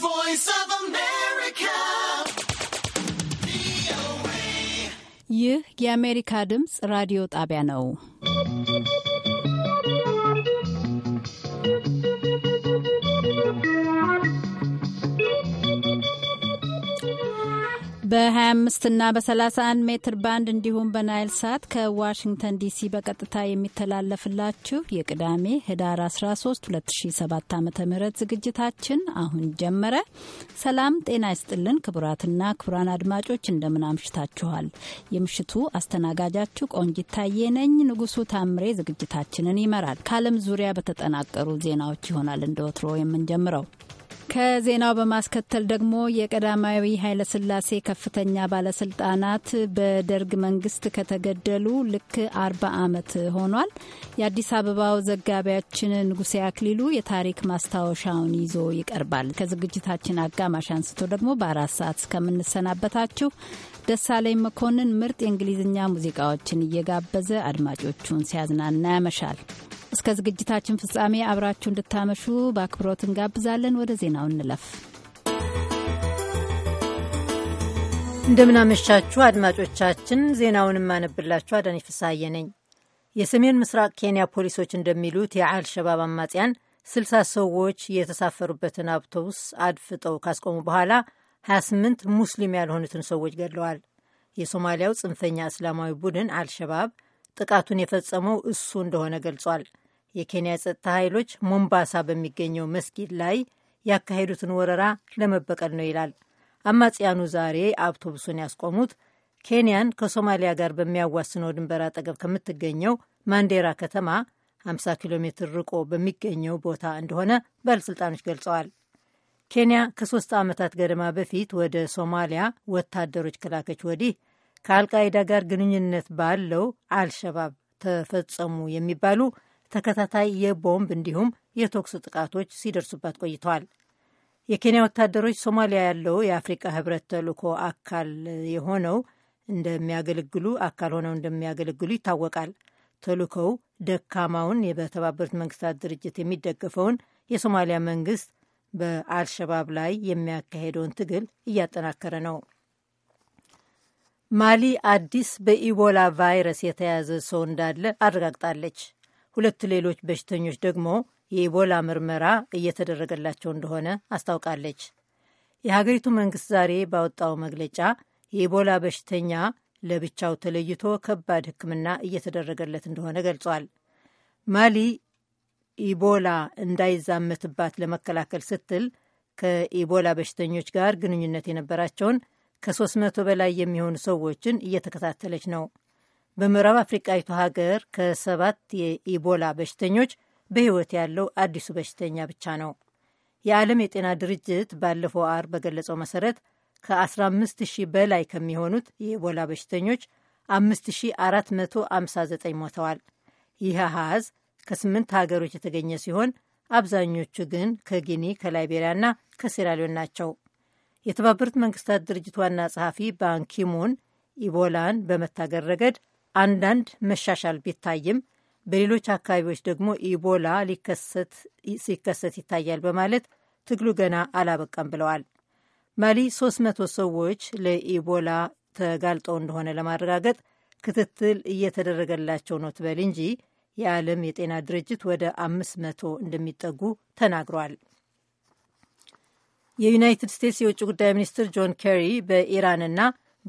voice of America. VOA. You, America Adams, Radio Tabiano. በ25 እና በ31 ሜትር ባንድ እንዲሁም በናይል ሳት ከዋሽንግተን ዲሲ በቀጥታ የሚተላለፍላችሁ የቅዳሜ ህዳር 13 2007 ዓ ም ዝግጅታችን አሁን ጀመረ። ሰላም ጤና ይስጥልን ክቡራትና ክቡራን አድማጮች እንደምን አምሽታችኋል። የምሽቱ አስተናጋጃችሁ ቆንጂት ታዬ ነኝ። ንጉሱ ታምሬ ዝግጅታችንን ይመራል። ከዓለም ዙሪያ በተጠናቀሩ ዜናዎች ይሆናል እንደ ወትሮ የምንጀምረው ከዜናው በማስከተል ደግሞ የቀዳማዊ ኃይለስላሴ ከፍተኛ ባለስልጣናት በደርግ መንግስት ከተገደሉ ልክ አርባ ዓመት ሆኗል። የአዲስ አበባው ዘጋቢያችን ንጉሴ አክሊሉ የታሪክ ማስታወሻውን ይዞ ይቀርባል። ከዝግጅታችን አጋማሽ አንስቶ ደግሞ በአራት ሰዓት እስከምንሰናበታችሁ ደሳለኝ መኮንን ምርጥ የእንግሊዝኛ ሙዚቃዎችን እየጋበዘ አድማጮቹን ሲያዝናና ያመሻል። እስከ ዝግጅታችን ፍጻሜ አብራችሁ እንድታመሹ በአክብሮት እንጋብዛለን። ወደ ዜናው እንለፍ። እንደምናመሻችሁ አድማጮቻችን፣ ዜናውን የማነብላችሁ አዳነች ፍስሐዬ ነኝ። የሰሜን ምስራቅ ኬንያ ፖሊሶች እንደሚሉት የአልሸባብ አማጽያን ስልሳ ሰዎች የተሳፈሩበትን አውቶቡስ አድፍጠው ካስቆሙ በኋላ 28 ሙስሊም ያልሆኑትን ሰዎች ገድለዋል። የሶማሊያው ጽንፈኛ እስላማዊ ቡድን አልሸባብ ጥቃቱን የፈጸመው እሱ እንደሆነ ገልጿል። የኬንያ ጸጥታ ኃይሎች ሞምባሳ በሚገኘው መስጊድ ላይ ያካሄዱትን ወረራ ለመበቀል ነው ይላል። አማጽያኑ ዛሬ አውቶቡሱን ያስቆሙት ኬንያን ከሶማሊያ ጋር በሚያዋስነው ድንበር አጠገብ ከምትገኘው ማንዴራ ከተማ 50 ኪሎ ሜትር ርቆ በሚገኘው ቦታ እንደሆነ ባለሥልጣኖች ገልጸዋል። ኬንያ ከሶስት ዓመታት ገደማ በፊት ወደ ሶማሊያ ወታደሮች ከላከች ወዲህ ከአልቃይዳ ጋር ግንኙነት ባለው አልሸባብ ተፈጸሙ የሚባሉ ተከታታይ የቦምብ እንዲሁም የተኩስ ጥቃቶች ሲደርሱባት ቆይተዋል። የኬንያ ወታደሮች ሶማሊያ ያለው የአፍሪቃ ህብረት ተልእኮ አካል የሆነው እንደሚያገለግሉ አካል ሆነው እንደሚያገለግሉ ይታወቃል። ተልእኮው ደካማውን በተባበሩት መንግስታት ድርጅት የሚደገፈውን የሶማሊያ መንግስት በአልሸባብ ላይ የሚያካሄደውን ትግል እያጠናከረ ነው። ማሊ አዲስ በኢቦላ ቫይረስ የተያዘ ሰው እንዳለ አረጋግጣለች። ሁለት ሌሎች በሽተኞች ደግሞ የኢቦላ ምርመራ እየተደረገላቸው እንደሆነ አስታውቃለች። የሀገሪቱ መንግስት ዛሬ ባወጣው መግለጫ የኢቦላ በሽተኛ ለብቻው ተለይቶ ከባድ ሕክምና እየተደረገለት እንደሆነ ገልጿል። ማሊ ኢቦላ እንዳይዛመትባት ለመከላከል ስትል ከኢቦላ በሽተኞች ጋር ግንኙነት የነበራቸውን ከ300 በላይ የሚሆኑ ሰዎችን እየተከታተለች ነው። በምዕራብ አፍሪቃዊቱ ሀገር ከሰባት የኢቦላ በሽተኞች በሕይወት ያለው አዲሱ በሽተኛ ብቻ ነው። የዓለም የጤና ድርጅት ባለፈው አርብ በገለጸው መሰረት ከ15 በላይ ከሚሆኑት የኢቦላ በሽተኞች 5459 ሞተዋል። ይህ አሃዝ ከስምንት ሀገሮች የተገኘ ሲሆን አብዛኞቹ ግን ከጊኒ ከላይቤሪያና ከሴራሊዮን ናቸው። የተባበሩት መንግስታት ድርጅት ዋና ጸሐፊ ባንኪሙን ኢቦላን በመታገር ረገድ አንዳንድ መሻሻል ቢታይም በሌሎች አካባቢዎች ደግሞ ኢቦላ ሲከሰት ይታያል በማለት ትግሉ ገና አላበቃም ብለዋል። ማሊ 300 ሰዎች ለኢቦላ ተጋልጠው እንደሆነ ለማረጋገጥ ክትትል እየተደረገላቸው ነው ትበል እንጂ የዓለም የጤና ድርጅት ወደ አምስት መቶ እንደሚጠጉ ተናግሯል። የዩናይትድ ስቴትስ የውጭ ጉዳይ ሚኒስትር ጆን ኬሪ በኢራንና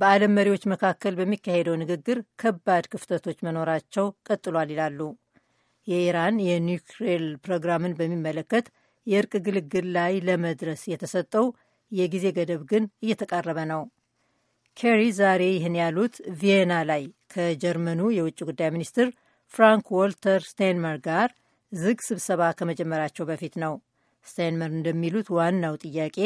በዓለም መሪዎች መካከል በሚካሄደው ንግግር ከባድ ክፍተቶች መኖራቸው ቀጥሏል ይላሉ። የኢራን የኒውክሌር ፕሮግራምን በሚመለከት የእርቅ ግልግል ላይ ለመድረስ የተሰጠው የጊዜ ገደብ ግን እየተቃረበ ነው። ኬሪ ዛሬ ይህን ያሉት ቪየና ላይ ከጀርመኑ የውጭ ጉዳይ ሚኒስትር ፍራንክ ዎልተር ስቴንመር ጋር ዝግ ስብሰባ ከመጀመራቸው በፊት ነው። ስቴንመር እንደሚሉት ዋናው ጥያቄ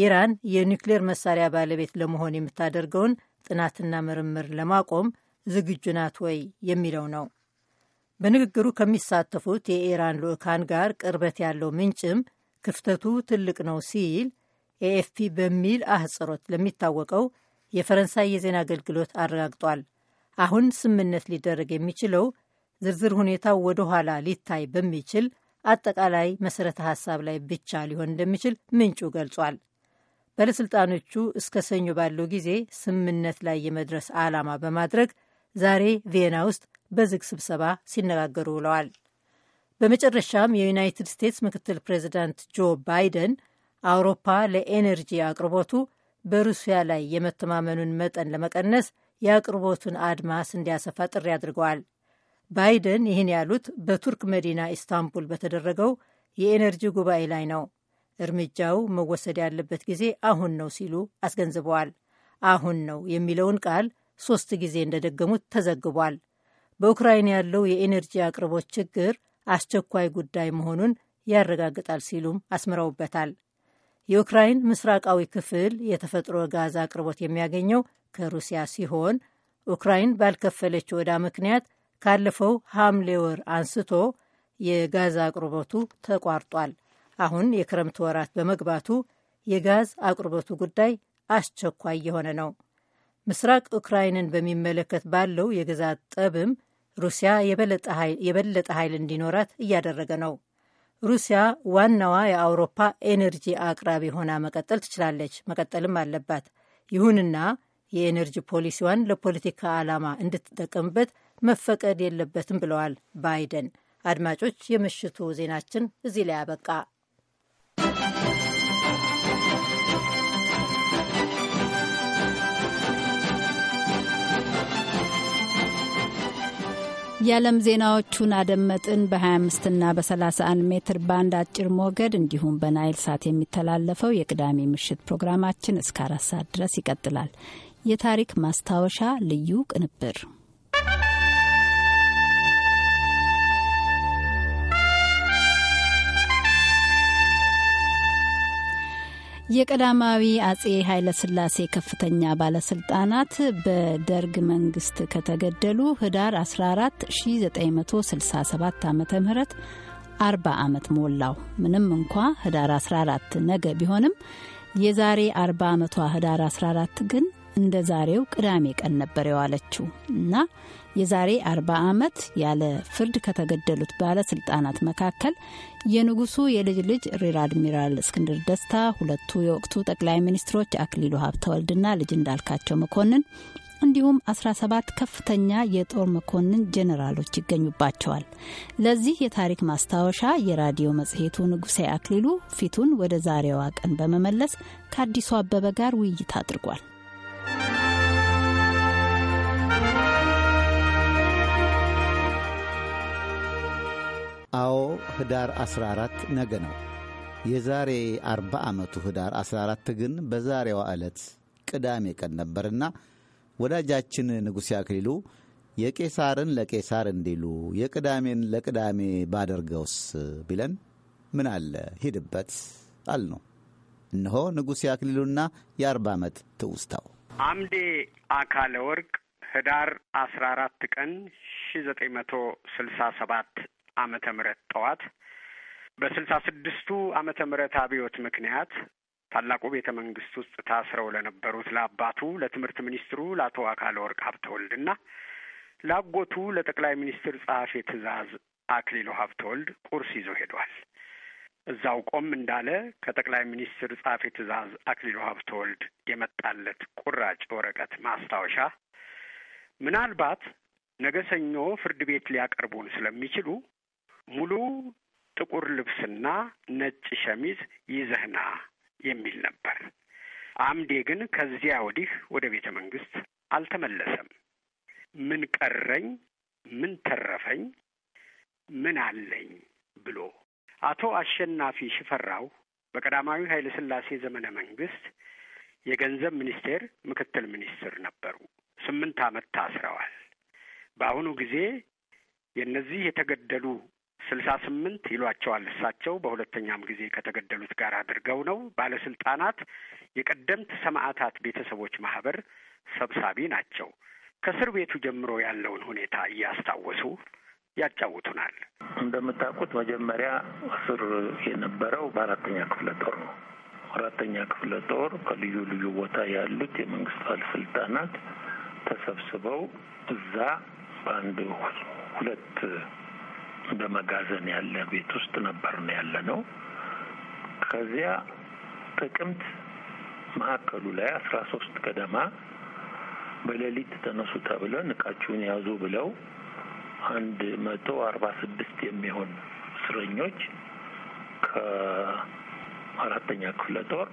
ኢራን የኒውክሌር መሳሪያ ባለቤት ለመሆን የምታደርገውን ጥናትና ምርምር ለማቆም ዝግጁ ናት ወይ የሚለው ነው። በንግግሩ ከሚሳተፉት የኢራን ልዑካን ጋር ቅርበት ያለው ምንጭም ክፍተቱ ትልቅ ነው ሲል ኤኤፍፒ በሚል አህጽሮት ለሚታወቀው የፈረንሳይ የዜና አገልግሎት አረጋግጧል። አሁን ስምምነት ሊደረግ የሚችለው ዝርዝር ሁኔታው ወደ ኋላ ሊታይ በሚችል አጠቃላይ መሠረተ ሀሳብ ላይ ብቻ ሊሆን እንደሚችል ምንጩ ገልጿል። ባለሥልጣኖቹ እስከ ሰኞ ባለው ጊዜ ስምምነት ላይ የመድረስ ዓላማ በማድረግ ዛሬ ቪየና ውስጥ በዝግ ስብሰባ ሲነጋገሩ ውለዋል። በመጨረሻም የዩናይትድ ስቴትስ ምክትል ፕሬዚዳንት ጆ ባይደን አውሮፓ ለኤነርጂ አቅርቦቱ በሩሲያ ላይ የመተማመኑን መጠን ለመቀነስ የአቅርቦቱን አድማስ እንዲያሰፋ ጥሪ አድርገዋል። ባይደን ይህን ያሉት በቱርክ መዲና ኢስታንቡል በተደረገው የኤነርጂ ጉባኤ ላይ ነው። እርምጃው መወሰድ ያለበት ጊዜ አሁን ነው ሲሉ አስገንዝበዋል። አሁን ነው የሚለውን ቃል ሶስት ጊዜ እንደደገሙት ተዘግቧል። በኡክራይን ያለው የኤነርጂ አቅርቦት ችግር አስቸኳይ ጉዳይ መሆኑን ያረጋግጣል ሲሉም አስምረውበታል። የኡክራይን ምስራቃዊ ክፍል የተፈጥሮ ጋዝ አቅርቦት የሚያገኘው ከሩሲያ ሲሆን ኡክራይን ባልከፈለችው ዕዳ ምክንያት ካለፈው ሐምሌ ወር አንስቶ የጋዝ አቅርቦቱ ተቋርጧል። አሁን የክረምት ወራት በመግባቱ የጋዝ አቅርቦቱ ጉዳይ አስቸኳይ የሆነ ነው። ምስራቅ ኡክራይንን በሚመለከት ባለው የግዛት ጠብም ሩሲያ የበለጠ ኃይል እንዲኖራት እያደረገ ነው። ሩሲያ ዋናዋ የአውሮፓ ኤነርጂ አቅራቢ ሆና መቀጠል ትችላለች፣ መቀጠልም አለባት። ይሁንና የኤነርጂ ፖሊሲዋን ለፖለቲካ ዓላማ እንድትጠቀምበት መፈቀድ የለበትም ብለዋል ባይደን። አድማጮች፣ የምሽቱ ዜናችን እዚህ ላይ አበቃ። የዓለም ዜናዎቹን አደመጥን። በ25 እና በ31 ሜትር ባንድ አጭር ሞገድ እንዲሁም በናይል ሳት የሚተላለፈው የቅዳሜ ምሽት ፕሮግራማችን እስከ አራት ሰዓት ድረስ ይቀጥላል። የታሪክ ማስታወሻ ልዩ ቅንብር የቀዳማዊ አጼ ኃይለስላሴ ከፍተኛ ባለስልጣናት በደርግ መንግስት ከተገደሉ ህዳር 14 1967 ዓ ም 40 ዓመት ሞላው። ምንም እንኳ ህዳር 14 ነገ ቢሆንም የዛሬ 40 ዓመቷ ህዳር 14 ግን እንደ ዛሬው ቅዳሜ ቀን ነበር የዋለችው እና የዛሬ አርባ ዓመት ያለ ፍርድ ከተገደሉት ባለስልጣናት መካከል የንጉሱ የልጅ ልጅ ሪር አድሚራል እስክንድር ደስታ፣ ሁለቱ የወቅቱ ጠቅላይ ሚኒስትሮች አክሊሉ ሀብተወልድና ልጅ እንዳልካቸው መኮንን እንዲሁም 17 ከፍተኛ የጦር መኮንን ጄኔራሎች ይገኙባቸዋል። ለዚህ የታሪክ ማስታወሻ የራዲዮ መጽሔቱ ንጉሴ አክሊሉ ፊቱን ወደ ዛሬዋ ቀን በመመለስ ከአዲሱ አበበ ጋር ውይይት አድርጓል። አዎ ህዳር 14 ነገ ነው። የዛሬ 40 ዓመቱ ህዳር 14 ግን በዛሬዋ ዕለት ቅዳሜ ቀን ነበርና ወዳጃችን ንጉሴ አክሊሉ የቄሳርን ለቄሳር እንዲሉ የቅዳሜን ለቅዳሜ ባደርገውስ ቢለን ምን አለ ሂድበት አልነው። እነሆ ንጉሴ አክሊሉና የአርባ ዓመት ትውስታው አምዴ አካለ ወርቅ ህዳር አስራ አራት ቀን ሺ ዘጠኝ መቶ ስልሳ ሰባት አመተ ምህረት ጠዋት በስልሳ ስድስቱ አመተ ምህረት አብዮት ምክንያት ታላቁ ቤተ መንግስት ውስጥ ታስረው ለነበሩት ለአባቱ ለትምህርት ሚኒስትሩ ለአቶ አካለ ወርቅ ሀብተወልድና ለአጎቱ ለጠቅላይ ሚኒስትር ጸሐፊ ትእዛዝ አክሊሉ ሀብተወልድ ቁርስ ይዞ ሄዷል። እዛው ቆም እንዳለ ከጠቅላይ ሚኒስትር ጸሐፊ ትእዛዝ አክሊሉ ሀብተወልድ የመጣለት ቁራጭ ወረቀት ማስታወሻ ምናልባት ነገ ሰኞ ፍርድ ቤት ሊያቀርቡን ስለሚችሉ ሙሉ ጥቁር ልብስና ነጭ ሸሚዝ ይዘህና የሚል ነበር። አምዴ ግን ከዚያ ወዲህ ወደ ቤተ መንግስት አልተመለሰም። ምን ቀረኝ፣ ምን ተረፈኝ፣ ምን አለኝ ብሎ አቶ አሸናፊ ሽፈራው በቀዳማዊ ኃይለ ሥላሴ ዘመነ መንግስት የገንዘብ ሚኒስቴር ምክትል ሚኒስትር ነበሩ። ስምንት ዓመት ታስረዋል። በአሁኑ ጊዜ የእነዚህ የተገደሉ ስልሳ ስምንት ይሏቸዋል እሳቸው በሁለተኛም ጊዜ ከተገደሉት ጋር አድርገው ነው ባለስልጣናት የቀደምት ሰማዕታት ቤተሰቦች ማህበር ሰብሳቢ ናቸው። ከእስር ቤቱ ጀምሮ ያለውን ሁኔታ እያስታወሱ ያጫውቱናል። እንደምታውቁት መጀመሪያ እስር የነበረው በአራተኛ ክፍለ ጦር ነው። አራተኛ ክፍለ ጦር ከልዩ ልዩ ቦታ ያሉት የመንግስት ባለስልጣናት ተሰብስበው እዛ በአንድ ሁለት በመጋዘን ያለ ቤት ውስጥ ነበር ነው ያለ ነው። ከዚያ ጥቅምት መካከሉ ላይ አስራ ሶስት ገደማ በሌሊት ተነሱ ተብለን እቃችሁን ያዙ ብለው አንድ መቶ አርባ ስድስት የሚሆን እስረኞች ከአራተኛ ክፍለ ጦር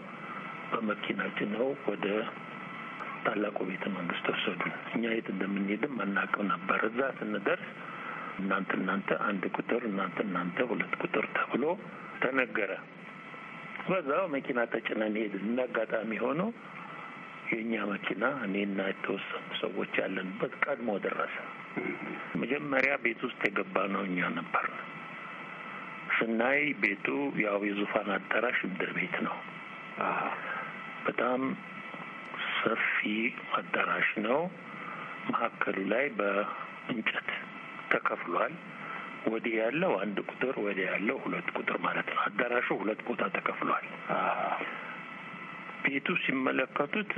በመኪና ጭነው ወደ ታላቁ ቤተ መንግስት ወሰዱ። እኛ የት እንደምንሄድም አናውቅም ነበር። እዛ ስንደርስ እናንተ እናንተ አንድ ቁጥር እናንተ እናንተ ሁለት ቁጥር ተብሎ ተነገረ። በዛው መኪና ተጭነን ሄድን። እንደ አጋጣሚ ሆኖ የእኛ መኪና እኔና የተወሰኑ ሰዎች ያለንበት ቀድሞ ደረሰ። መጀመሪያ ቤት ውስጥ የገባ ነው እኛ ነበር። ስናይ ቤቱ ያው የዙፋን አዳራሽ ምድር ቤት ነው። በጣም ሰፊ አዳራሽ ነው። መካከሉ ላይ በእንጨት ተከፍሏል። ወዲህ ያለው አንድ ቁጥር፣ ወዲህ ያለው ሁለት ቁጥር ማለት ነው። አዳራሹ ሁለት ቦታ ተከፍሏል። ቤቱ ሲመለከቱት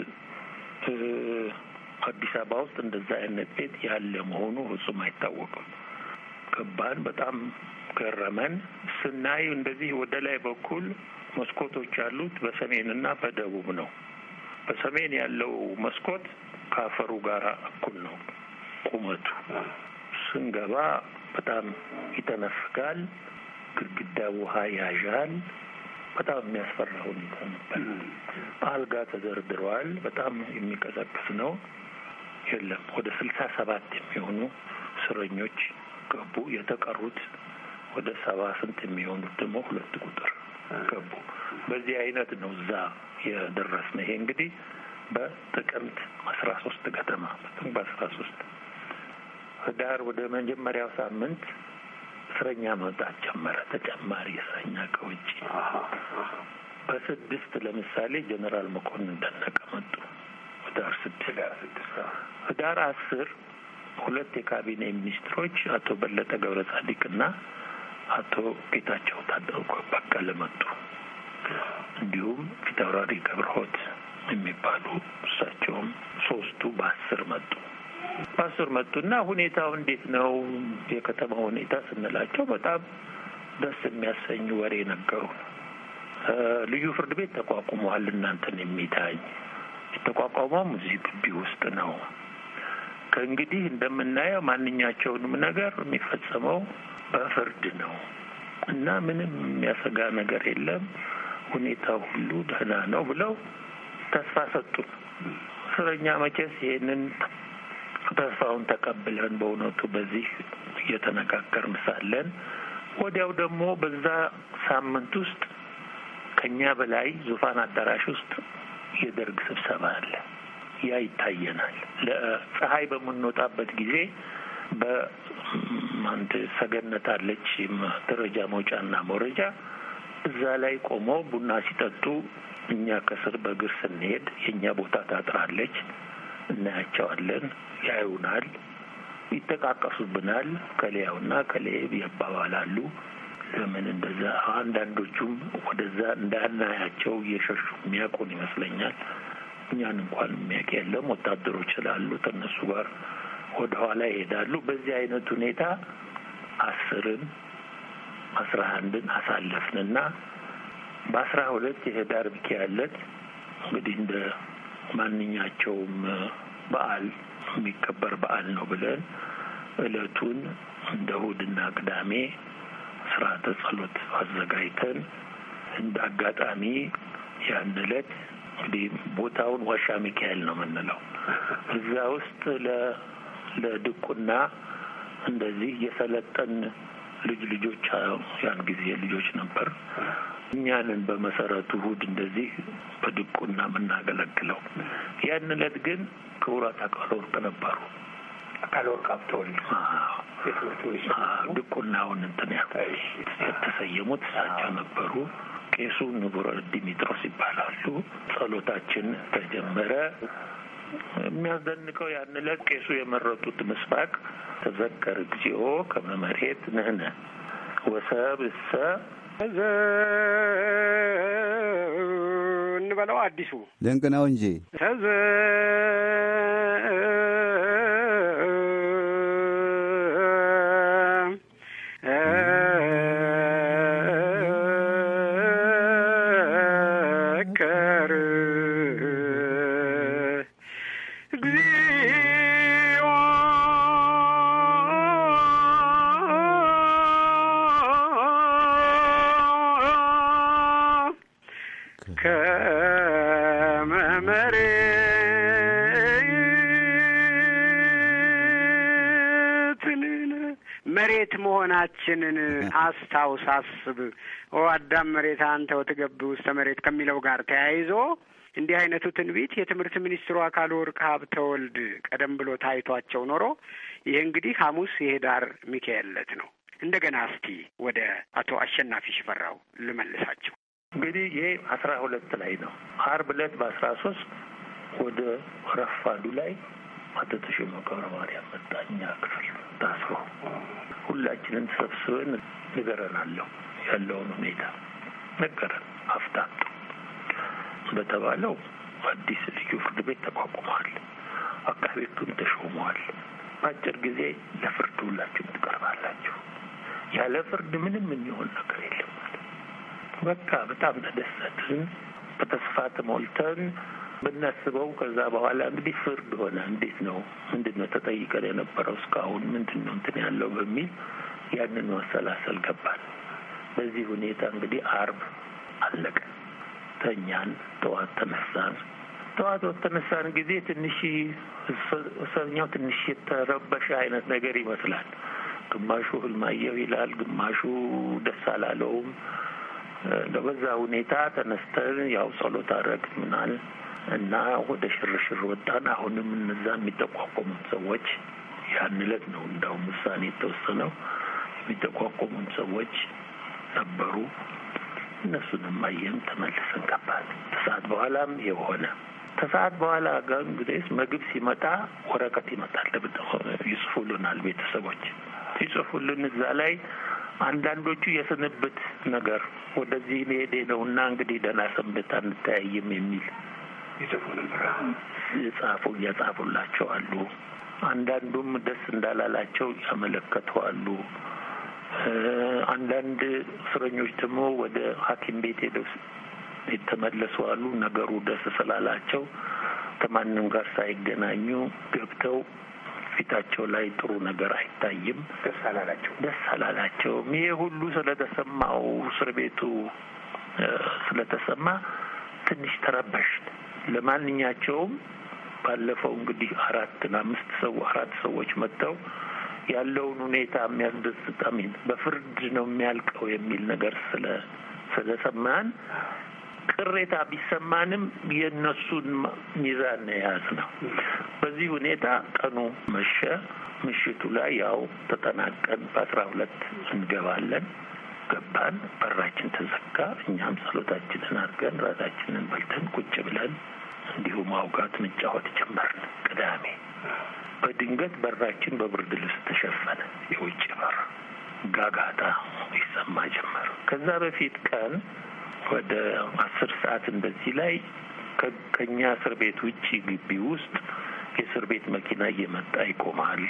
አዲስ አበባ ውስጥ እንደዛ አይነት ቤት ያለ መሆኑ ፍጹም አይታወቅም። ገባን። በጣም ገረመን። ስናይ እንደዚህ ወደ ላይ በኩል መስኮቶች ያሉት በሰሜንና በደቡብ ነው። በሰሜን ያለው መስኮት ከአፈሩ ጋር እኩል ነው ቁመቱ። ስንገባ በጣም ይተነፍጋል። ግድግዳ ውሃ ያዣል። በጣም የሚያስፈራ ሁኔታ ነበር። አልጋ ተደርድረዋል። በጣም የሚቀሰቅስ ነው። የለም። ወደ ስልሳ ሰባት የሚሆኑ እስረኞች ገቡ። የተቀሩት ወደ ሰባ ስንት የሚሆኑት ደግሞ ሁለት ቁጥር ገቡ። በዚህ አይነት ነው እዛ የደረስነው። ይሄ እንግዲህ በጥቅምት አስራ ሶስት ከተማ በጥቅምት አስራ ሶስት ህዳር ወደ መጀመሪያው ሳምንት እስረኛ መውጣት ጀመረ። ተጨማሪ እስረኛ ከውጭ በስድስት ለምሳሌ ጀኔራል መኮንን ደነቀ መጡ። ህዳር ስድስት ህዳር አስር ሁለት የካቢኔ ሚኒስትሮች አቶ በለጠ ገብረ ጻዲቅና አቶ ጌታቸው ታደሰ በቀለ መጡ። እንዲሁም ፊታውራሪ ገብረሆት የሚባሉ እሳቸውም ሶስቱ በአስር መጡ። በአስር መጡና ሁኔታው እንዴት ነው የከተማ ሁኔታ ስንላቸው በጣም ደስ የሚያሰኝ ወሬ ነገሩ። ልዩ ፍርድ ቤት ተቋቁመዋል እናንተን የሚታይ የተቋቋመውም እዚህ ግቢ ውስጥ ነው። ከእንግዲህ እንደምናየው ማንኛቸውንም ነገር የሚፈጸመው በፍርድ ነው እና ምንም የሚያሰጋ ነገር የለም፣ ሁኔታ ሁሉ ደህና ነው ብለው ተስፋ ሰጡን። እስረኛ መቼስ ይህንን ተስፋውን ተቀብለን በእውነቱ በዚህ እየተነጋገርን ሳለን ወዲያው ደግሞ በዛ ሳምንት ውስጥ ከኛ በላይ ዙፋን አዳራሽ ውስጥ የደርግ ስብሰባ አለ። ያ ይታየናል። ለፀሐይ በምንወጣበት ጊዜ በአንድ ሰገነት አለች ደረጃ መውጫና መውረጃ እዛ ላይ ቆሞ ቡና ሲጠጡ እኛ ከስር በእግር ስንሄድ የእኛ ቦታ ታጥራለች። እናያቸዋለን፣ ያዩናል፣ ይጠቃቀሱብናል። ከሌያውና ከሌ ይባባላሉ። ዘመን እንደዛ አንዳንዶቹም ወደዛ እንዳናያቸው እየሸሹ የሚያውቁን ይመስለኛል። እኛን እንኳን የሚያውቅ የለም። ወታደሮች ስላሉት እነሱ ጋር ወደኋላ ይሄዳሉ። በዚህ አይነት ሁኔታ አስርን አስራ አንድን አሳለፍንና በአስራ ሁለት የህዳር ብኪያለት እንግዲህ እንደ ማንኛቸውም በዓል የሚከበር በዓል ነው ብለን እለቱን እንደ ሁድና ቅዳሜ ስርዓተ ጸሎት አዘጋጅተን እንደ አጋጣሚ ያን ዕለት እንግዲህ ቦታውን ዋሻ ሚካኤል ነው የምንለው። እዛ ውስጥ ለድቁና እንደዚህ የሰለጠን ልጅ ልጆች ያን ጊዜ ልጆች ነበር። እኛንን በመሰረቱ እሑድ እንደዚህ በድቁና የምናገለግለው ያን ዕለት ግን ክቡራት አቃለ ወርቅ ነበሩ። አካል ወርቅ አብተወልድ የትምህርት ሚኒስትር ድቁናውን እንትን ያ የተሰየሙት እሳቸው ነበሩ። ቄሱ ንቡረ ዲሚጥሮስ ይባላሉ። ጸሎታችን ተጀመረ። የሚያስደንቀው ያን ዕለት ቄሱ የመረጡት ምስባክ ተዘከር እግዚኦ ከመመሬት ንህነ ወሰብሰ ዘ እንበለው አዲሱ ድንቅ ነው እንጂ መሬታችንን አስታውስ፣ አስብ። ኦ አዳም መሬት አንተ ወትገብ ውስተ መሬት ከሚለው ጋር ተያይዞ እንዲህ አይነቱ ትንቢት የትምህርት ሚኒስትሩ ወርቅ ሀብተ ሀብተወልድ ቀደም ብሎ ታይቷቸው ኖሮ ይህ እንግዲህ ሐሙስ የህዳር ሚካኤል ዕለት ነው። እንደገና እስቲ ወደ አቶ አሸናፊ ሽፈራው ልመልሳቸው። እንግዲህ ይሄ አስራ ሁለት ላይ ነው። አርብ ዕለት በአስራ ሶስት ወደ ረፋዱ ላይ አቶ ተሾመ ገብረ ማርያም መጣ። እኛ ክፍል ታስሮ ሁላችንም ሰብስበን ንገረናለሁ ያለውን ሁኔታ ነገረን። አፍታጡ በተባለው አዲስ ልዩ ፍርድ ቤት ተቋቁመዋል። አቃቤ ሕጉም ተሾመዋል። በአጭር ጊዜ ለፍርድ ሁላችሁም ትቀርባላችሁ። ያለ ፍርድ ምንም የሚሆን ነገር የለም። በቃ በጣም ተደሰትን። በተስፋ ተሞልተን ብናስበው ከዛ በኋላ እንግዲህ ፍርድ ሆነ። እንዴት ነው ምንድን ነው ተጠይቀን የነበረው እስካሁን ምንድን ነው እንትን ያለው በሚል ያንን መሰላሰል ገባል። በዚህ ሁኔታ እንግዲህ አርብ አለቀ። ተኛን። ጠዋት ተነሳን። ጠዋት በተነሳን ጊዜ ትንሽ ሰኛው ትንሽ የተረበሸ አይነት ነገር ይመስላል። ግማሹ ህልማየሁ ይላል፣ ግማሹ ደስ አላለውም። ለበዛ ሁኔታ ተነስተን ያው ጸሎት አረግ ምናል እና ወደ ሽርሽር ወጣን። አሁንም እነዛ የሚጠቋቋሙት ሰዎች ያን ዕለት ነው እንዳውም ውሳኔ የተወሰነው። የሚጠቋቋሙት ሰዎች ነበሩ። እነሱንም አየን፣ ተመልሰን ገባን። ተሰዓት በኋላም የሆነ ተሰዓት በኋላ ጋር እንግዲህ ምግብ ሲመጣ ወረቀት ይመጣል፣ ይጽፉልናል። ቤተሰቦች ይጽፉልን እዛ ላይ አንዳንዶቹ የስንብት ነገር ወደዚህ ሄዴ ነው እና እንግዲህ ደህና ሰንብት አንተያይም የሚል ይጽፉ ነበር። የጻፉ እያጻፉላቸው አሉ። አንዳንዱም ደስ እንዳላላቸው ያመለከቱ አሉ። አንዳንድ እስረኞች ደግሞ ወደ ሐኪም ቤት ሄደው የተመለሱ አሉ። ነገሩ ደስ ስላላቸው ከማንም ጋር ሳይገናኙ ገብተው ፊታቸው ላይ ጥሩ ነገር አይታይም። ደስ አላላቸው ደስ አላላቸውም። ይሄ ሁሉ ስለተሰማው እስር ቤቱ ስለተሰማ ትንሽ ተረበሽን። ለማንኛቸውም ባለፈው እንግዲህ አራትና አምስት ሰው አራት ሰዎች መጥተው ያለውን ሁኔታ የሚያስደስት አሚን በፍርድ ነው የሚያልቀው የሚል ነገር ስለ ስለሰማን ቅሬታ ቢሰማንም የእነሱን ሚዛን የያዝ ነው በዚህ ሁኔታ ቀኑ መሸ። ምሽቱ ላይ ያው ተጠናቀን በአስራ ሁለት እንገባለን። ገባን፣ በራችን ተዘጋ። እኛም ጸሎታችንን አድርገን ራታችንን በልተን ቁጭ ብለን እንዲሁ ማውጋት መጫወት ጀመርን። ቅዳሜ በድንገት በራችን በብርድ ልብስ ተሸፈነ። የውጭ በር ጋጋታ ይሰማ ጀመር። ከዛ በፊት ቀን ወደ አስር ሰዓት እንደዚህ ላይ ከኛ እስር ቤት ውጭ ግቢ ውስጥ የእስር ቤት መኪና እየመጣ ይቆማል።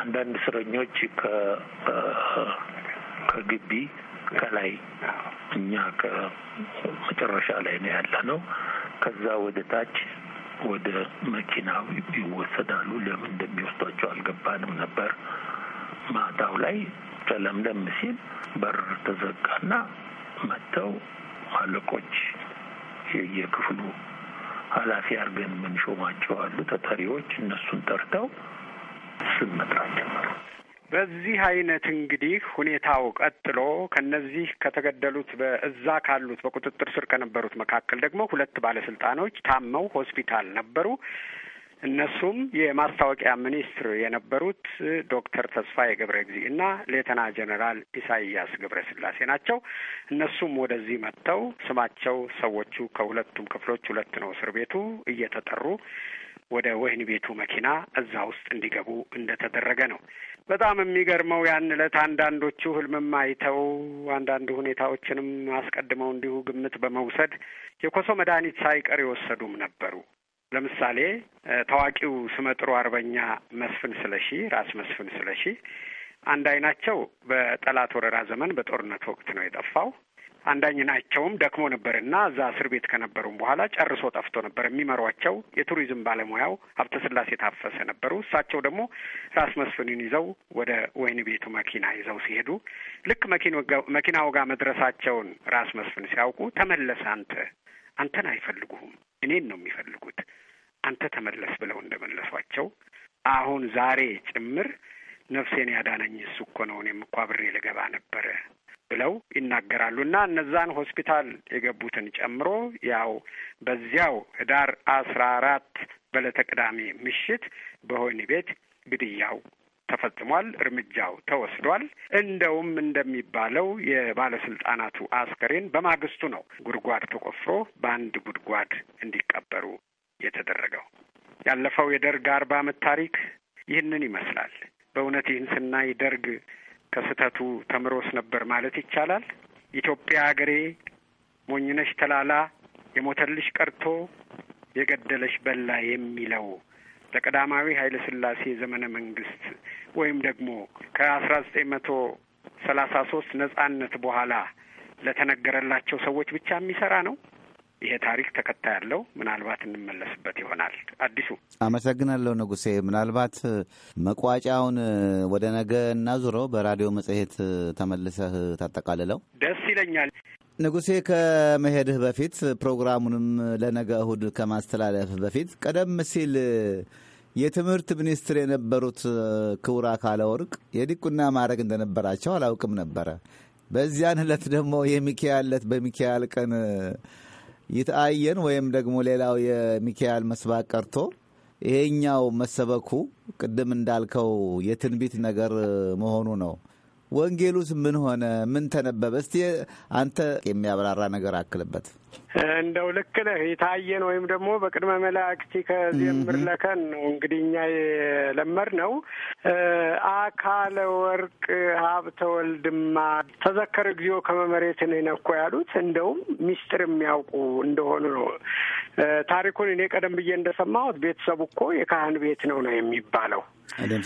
አንዳንድ እስረኞች ከግቢ ከላይ እኛ ከመጨረሻ ላይ ነው ያለ ነው ከዛ ወደ ታች ወደ መኪናው ይወሰዳሉ። ለምን እንደሚወስዷቸው አልገባንም ነበር። ማታው ላይ ጨለምለም ሲል በር ተዘጋና መጥተው አለቆች የየክፍሉ ኃላፊ አድርገን የምንሾማቸው አሉ ተጠሪዎች። እነሱን ጠርተው ስም መጥራት ጀመሩ። በዚህ አይነት እንግዲህ ሁኔታው ቀጥሎ ከነዚህ ከተገደሉት በእዛ ካሉት በቁጥጥር ስር ከነበሩት መካከል ደግሞ ሁለት ባለስልጣኖች ታመው ሆስፒታል ነበሩ። እነሱም የማስታወቂያ ሚኒስትር የነበሩት ዶክተር ተስፋዬ ገብረ ጊዜ እና ሌተና ጀኔራል ኢሳይያስ ገብረ ስላሴ ናቸው። እነሱም ወደዚህ መጥተው ስማቸው ሰዎቹ ከሁለቱም ክፍሎች ሁለት ነው እስር ቤቱ እየተጠሩ ወደ ወህኒ ቤቱ መኪና እዛ ውስጥ እንዲገቡ እንደተደረገ ነው። በጣም የሚገርመው ያን እለት አንዳንዶቹ ህልምም አይተው አንዳንድ ሁኔታዎችንም አስቀድመው እንዲሁ ግምት በመውሰድ የኮሶ መድኃኒት ሳይቀር የወሰዱም ነበሩ። ለምሳሌ ታዋቂው ስመጥሩ አርበኛ መስፍን ስለሺ ራስ መስፍን ስለሺ አንድ አይናቸው በጠላት ወረራ ዘመን በጦርነት ወቅት ነው የጠፋው። አንዳኝ ናቸውም ደክሞ ነበር እና እዛ እስር ቤት ከነበሩም በኋላ ጨርሶ ጠፍቶ ነበር። የሚመሯቸው የቱሪዝም ባለሙያው ሀብተስላሴ ታፈሰ ነበሩ። እሳቸው ደግሞ ራስ መስፍንን ይዘው ወደ ወህኒ ቤቱ መኪና ይዘው ሲሄዱ ልክ መኪናው ጋር መድረሳቸውን ራስ መስፍን ሲያውቁ ተመለሰ። አንተ አንተን አይፈልጉሁም እኔን ነው የሚፈልጉት አንተ ተመለስ ብለው እንደመለሷቸው አሁን ዛሬ ጭምር ነፍሴን ያዳነኝ እሱ እኮ ነው። እኔም እኮ አብሬ ልገባ ነበረ ብለው ይናገራሉ እና እነዛን ሆስፒታል የገቡትን ጨምሮ ያው በዚያው ህዳር አስራ አራት በለተ ቅዳሜ ምሽት በሆይኒ ቤት ግድያው ተፈጽሟል። እርምጃው ተወስዷል። እንደውም እንደሚባለው የባለስልጣናቱ አስከሬን በማግስቱ ነው ጉድጓድ ተቆፍሮ በአንድ ጉድጓድ እንዲቀበሩ የተደረገው። ያለፈው የደርግ አርባ ዓመት ታሪክ ይህንን ይመስላል። በእውነት ይህን ስናይ ደርግ ከስህተቱ ተምሮስ ነበር ማለት ይቻላል። ኢትዮጵያ ሀገሬ ሞኝነሽ ተላላ የሞተልሽ ቀርቶ የገደለሽ በላ የሚለው ለቀዳማዊ ኃይለ ሥላሴ ዘመነ መንግስት ወይም ደግሞ ከአስራ ዘጠኝ መቶ ሰላሳ ሶስት ነጻነት በኋላ ለተነገረላቸው ሰዎች ብቻ የሚሰራ ነው። ይሄ ታሪክ ተከታይ ያለው ምናልባት እንመለስበት ይሆናል። አዲሱ አመሰግናለሁ ንጉሴ። ምናልባት መቋጫውን ወደ ነገ እናዙረው፣ በራዲዮ መጽሔት ተመልሰህ ታጠቃልለው ደስ ይለኛል። ንጉሴ ከመሄድህ በፊት ፕሮግራሙንም ለነገ እሁድ ከማስተላለፍ በፊት ቀደም ሲል የትምህርት ሚኒስትር የነበሩት ክቡር አካለ ወርቅ የዲቁና ማድረግ እንደነበራቸው አላውቅም ነበረ። በዚያን ዕለት ደግሞ የሚካኤል ዕለት በሚካኤል ቀን ይትአየን ወይም ደግሞ ሌላው የሚካኤል ምስባክ ቀርቶ ይሄኛው መሰበኩ ቅድም እንዳልከው የትንቢት ነገር መሆኑ ነው። ወንጌሉስ ምን ሆነ? ምን ተነበበ? እስቲ አንተ የሚያብራራ ነገር አክልበት። እንደው ልክ ነህ የታየን ወይም ደግሞ በቅድመ መላእክቲ ከዜምር ለከን ነው እንግዲህ እኛ የለመድ ነው። አካለ ወርቅ ሀብተ ወልድማ ተዘከር እግዚኦ ከመመሬትን ነኮ ያሉት እንደውም ሚስጥር የሚያውቁ እንደሆኑ ነው። ታሪኩን እኔ ቀደም ብዬ እንደሰማሁት ቤተሰቡ እኮ የካህን ቤት ነው ነው የሚባለው።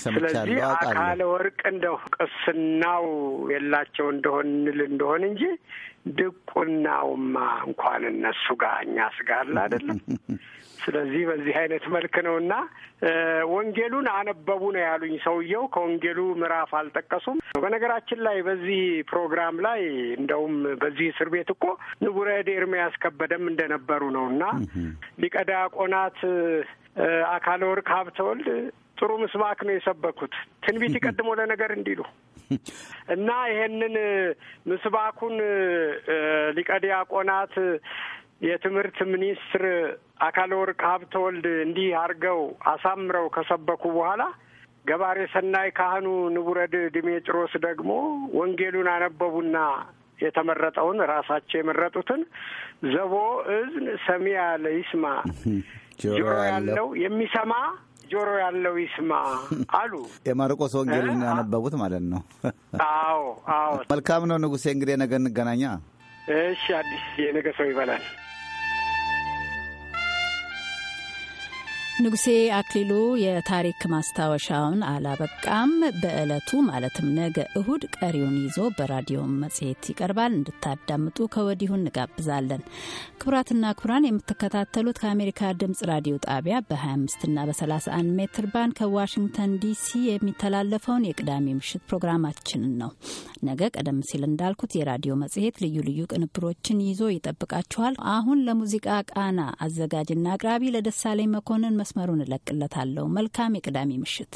ስለዚህ አካለ ወርቅ እንደው ቅስናው የላቸው እንደሆን እንል እንደሆን እንጂ ድቁናውማ እንኳን እነሱ ጋር እኛ ስጋ አለ አይደለም። ስለዚህ በዚህ አይነት መልክ ነው እና ወንጌሉን አነበቡ ነው ያሉኝ ሰውየው። ከወንጌሉ ምዕራፍ አልጠቀሱም። በነገራችን ላይ በዚህ ፕሮግራም ላይ እንደውም በዚህ እስር ቤት እኮ ንቡረ እድ ኤርምያስ ከበደም እንደነበሩ ነው እና ሊቀ ዲያቆናት አካለ ወርቅ ሀብተወልድ ጥሩ ምስባክ ነው የሰበኩት። ትንቢት ይቀድሞ ለነገር እንዲሉ እና ይሄንን ምስባኩን ሊቀ ዲያቆናት የትምህርት ሚኒስትር አካለ ወርቅ ሀብተወልድ እንዲህ አድርገው አሳምረው ከሰበኩ በኋላ ገባሬ ሰናይ ካህኑ ንቡረድ ድሜጥሮስ ደግሞ ወንጌሉን አነበቡና የተመረጠውን ራሳቸው የመረጡትን ዘቦ እዝን ሰሚያ ለይስማ ጆሮ ያለው የሚሰማ ጆሮ ያለው ይስማ አሉ። የማርቆስ ወንጌል ያነበቡት ማለት ነው። አዎ አዎ። መልካም ነው ንጉሴ። እንግዲህ ነገ እንገናኛ። እሺ አዲስ የነገ ሰው ይበላል። ንጉሴ አክሊሉ የታሪክ ማስታወሻውን አላበቃም። በዕለቱ ማለትም ነገ እሁድ ቀሪውን ይዞ በራዲዮ መጽሔት ይቀርባል። እንድታዳምጡ ከወዲሁ እንጋብዛለን። ክቡራትና ክቡራን የምትከታተሉት ከአሜሪካ ድምጽ ራዲዮ ጣቢያ በ25ና በ31 ሜትር ባንድ ከዋሽንግተን ዲሲ የሚተላለፈውን የቅዳሜ ምሽት ፕሮግራማችንን ነው። ነገ ቀደም ሲል እንዳልኩት የራዲዮ መጽሔት ልዩ ልዩ ቅንብሮችን ይዞ ይጠብቃችኋል። አሁን ለሙዚቃ ቃና አዘጋጅና አቅራቢ ለደሳለኝ መኮንን መስመሩን እለቅለታለሁ። መልካም የቅዳሜ ምሽት።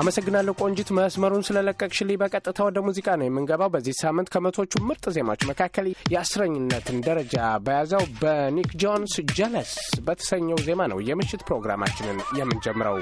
አመሰግናለሁ ቆንጂት፣ መስመሩን ስለለቀቅሽልኝ። በቀጥታ ወደ ሙዚቃ ነው የምንገባው። በዚህ ሳምንት ከመቶዎቹ ምርጥ ዜማዎች መካከል የአስረኝነትን ደረጃ በያዘው በኒክ ጆንስ ጀለስ በተሰኘው ዜማ ነው የምሽት ፕሮግራማችንን የምንጀምረው።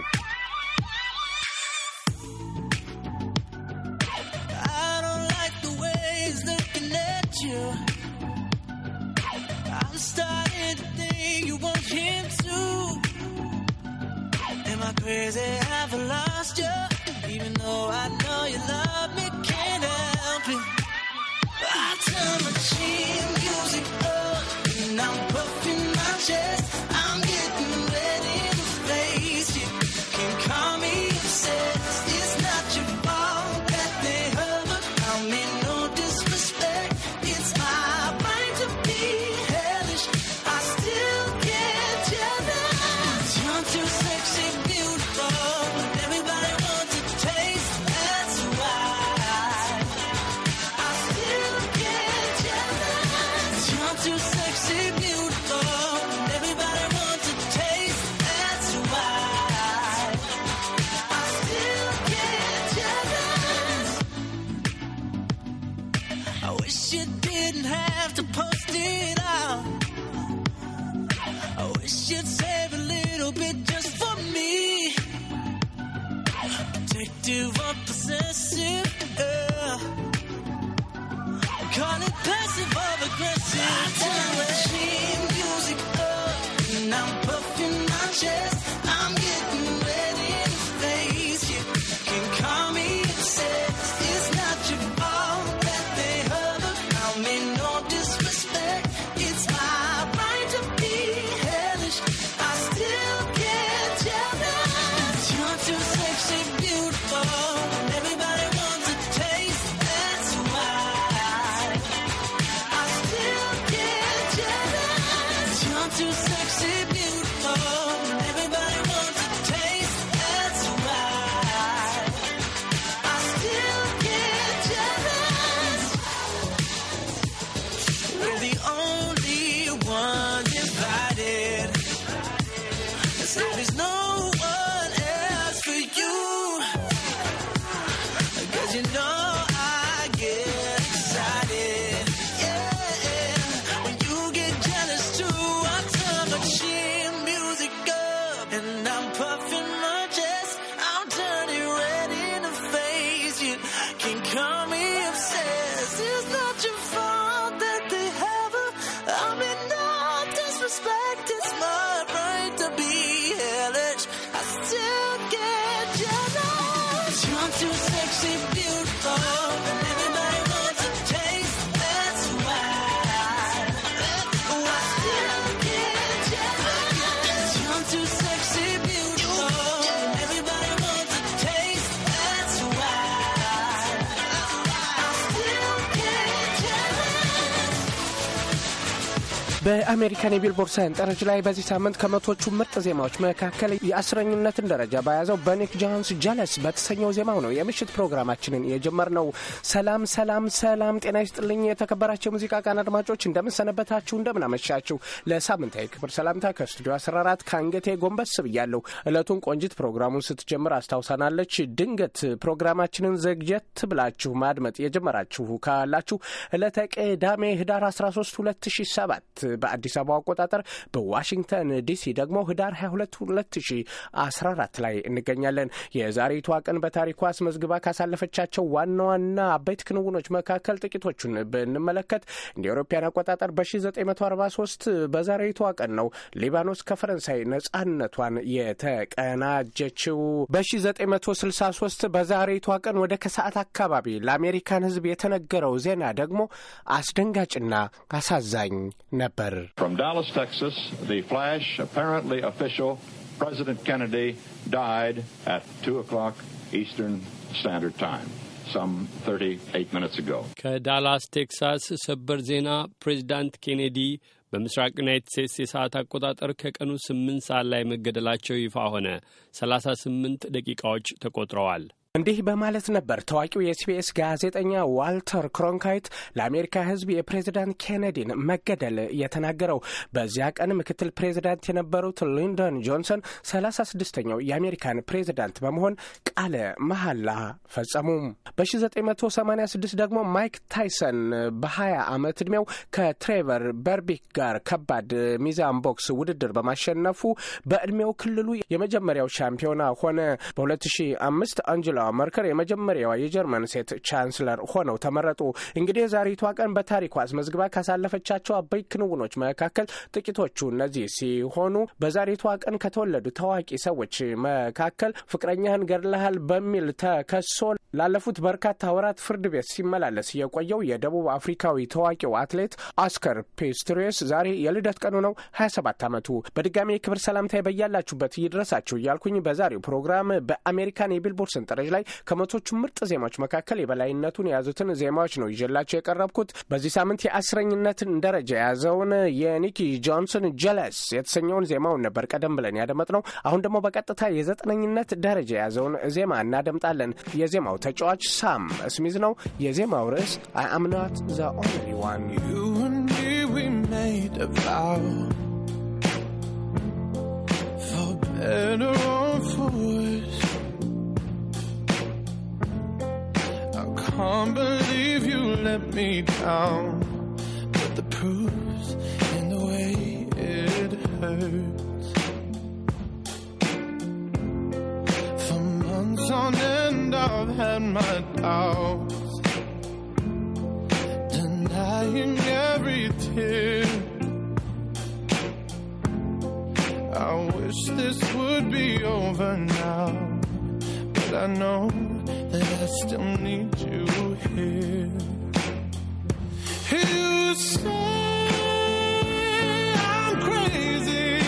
የአሜሪካን የቢልቦርድ ሰንጠረዥ ላይ በዚህ ሳምንት ከመቶቹ ምርጥ ዜማዎች መካከል የአስረኝነትን ደረጃ በያዘው በኒክ ጆንስ ጀለስ በተሰኘው ዜማው ነው የምሽት ፕሮግራማችንን የጀመርነው። ሰላም ሰላም ሰላም፣ ጤና ይስጥልኝ የተከበራቸው የሙዚቃ ቃን አድማጮች እንደምንሰነበታችሁ፣ እንደምናመሻችሁ። ለሳምንታዊ ክብር ሰላምታ ከስቱዲዮ 14 ከአንገቴ ጎንበስ ብያለሁ። እለቱን ቆንጅት ፕሮግራሙን ስትጀምር አስታውሳናለች። ድንገት ፕሮግራማችንን ዘግጀት ብላችሁ ማድመጥ የጀመራችሁ ካላችሁ ዕለተ ቅዳሜ ህዳር 13 2007 አዲስ አበባ አቆጣጠር፣ በዋሽንግተን ዲሲ ደግሞ ህዳር 22 2014 ላይ እንገኛለን። የዛሬቷ ቀን በታሪኳ አስመዝግባ ካሳለፈቻቸው ዋና ዋና አበይት ክንውኖች መካከል ጥቂቶቹን ብንመለከት እንደ አውሮፓውያን አቆጣጠር በ1943 በዛሬቷ ቀን ነው ሊባኖስ ከፈረንሳይ ነጻነቷን የተቀናጀችው። በ1963 በዛሬቷ ቀን ወደ ከሰዓት አካባቢ ለአሜሪካን ህዝብ የተነገረው ዜና ደግሞ አስደንጋጭና አሳዛኝ ነበር። From Dallas, Texas, the flash apparently official President Kennedy died at 2 o'clock Eastern Standard Time. some 38 minutes ago. ከዳላስ ቴክሳስ ሰበር ዜና ፕሬዚዳንት ኬኔዲ በምስራቅ ዩናይትድ ስቴትስ የሰዓት አቆጣጠር ከቀኑ 8 ሰዓት ላይ መገደላቸው ይፋ ሆነ። 38 ደቂቃዎች ተቆጥረዋል። እንዲህ በማለት ነበር ታዋቂው የሲቢኤስ ጋዜጠኛ ዋልተር ክሮንካይት ለአሜሪካ ሕዝብ የፕሬዚዳንት ኬነዲን መገደል የተናገረው። በዚያ ቀን ምክትል ፕሬዚዳንት የነበሩት ሊንደን ጆንሰን ሰላሳ ስድስተኛው የአሜሪካን ፕሬዚዳንት በመሆን ቃለ መሐላ ፈጸሙ በ በ1986 ደግሞ ማይክ ታይሰን በ20 ዓመት ዕድሜው ከትሬቨር በርቢክ ጋር ከባድ ሚዛን ቦክስ ውድድር በማሸነፉ በዕድሜው ክልሉ የመጀመሪያው ሻምፒዮና ሆነ። በ2005 አንጅላ አንጌላ መርከር የመጀመሪያዋ የጀርመን ሴት ቻንስለር ሆነው ተመረጡ። እንግዲህ የዛሬቷ ቀን በታሪኳ አስመዝግባ ካሳለፈቻቸው አበይ ክንውኖች መካከል ጥቂቶቹ እነዚህ ሲሆኑ በዛሬቷ ቀን ከተወለዱ ታዋቂ ሰዎች መካከል ፍቅረኛህን ገድለሃል በሚል ተከሶ ላለፉት በርካታ ወራት ፍርድ ቤት ሲመላለስ የቆየው የደቡብ አፍሪካዊ ታዋቂው አትሌት ኦስካር ፒስቶሪየስ ዛሬ የልደት ቀኑ ነው፣ 27 ዓመቱ። በድጋሚ የክብር ሰላምታ በያላችሁበት ይድረሳችሁ እያልኩኝ በዛሬው ፕሮግራም በአሜሪካን የቢልቦርድ ሰንጠረዥ ላይ ከመቶቹ ምርጥ ዜማዎች መካከል የበላይነቱን የያዙትን ዜማዎች ነው ይዤላቸው የቀረብኩት። በዚህ ሳምንት የአስረኝነትን ደረጃ የያዘውን የኒኪ ጆንሰን ጀለስ የተሰኘውን ዜማውን ነበር ቀደም ብለን ያደመጥነው። አሁን ደግሞ በቀጥታ የዘጠነኝነት ደረጃ የያዘውን ዜማ እናደምጣለን። የዜማው ተጫዋች ሳም ስሚዝ ነው። የዜማው ርዕስ አይ አም ናት ዘ ኦንሊ ዋን for better or for worse. can't believe you let me down. But the proof's in the way it hurts. For months on end, I've had my doubts, denying every tear. I wish this would be over now, but I know that I still need you here. You say I'm crazy.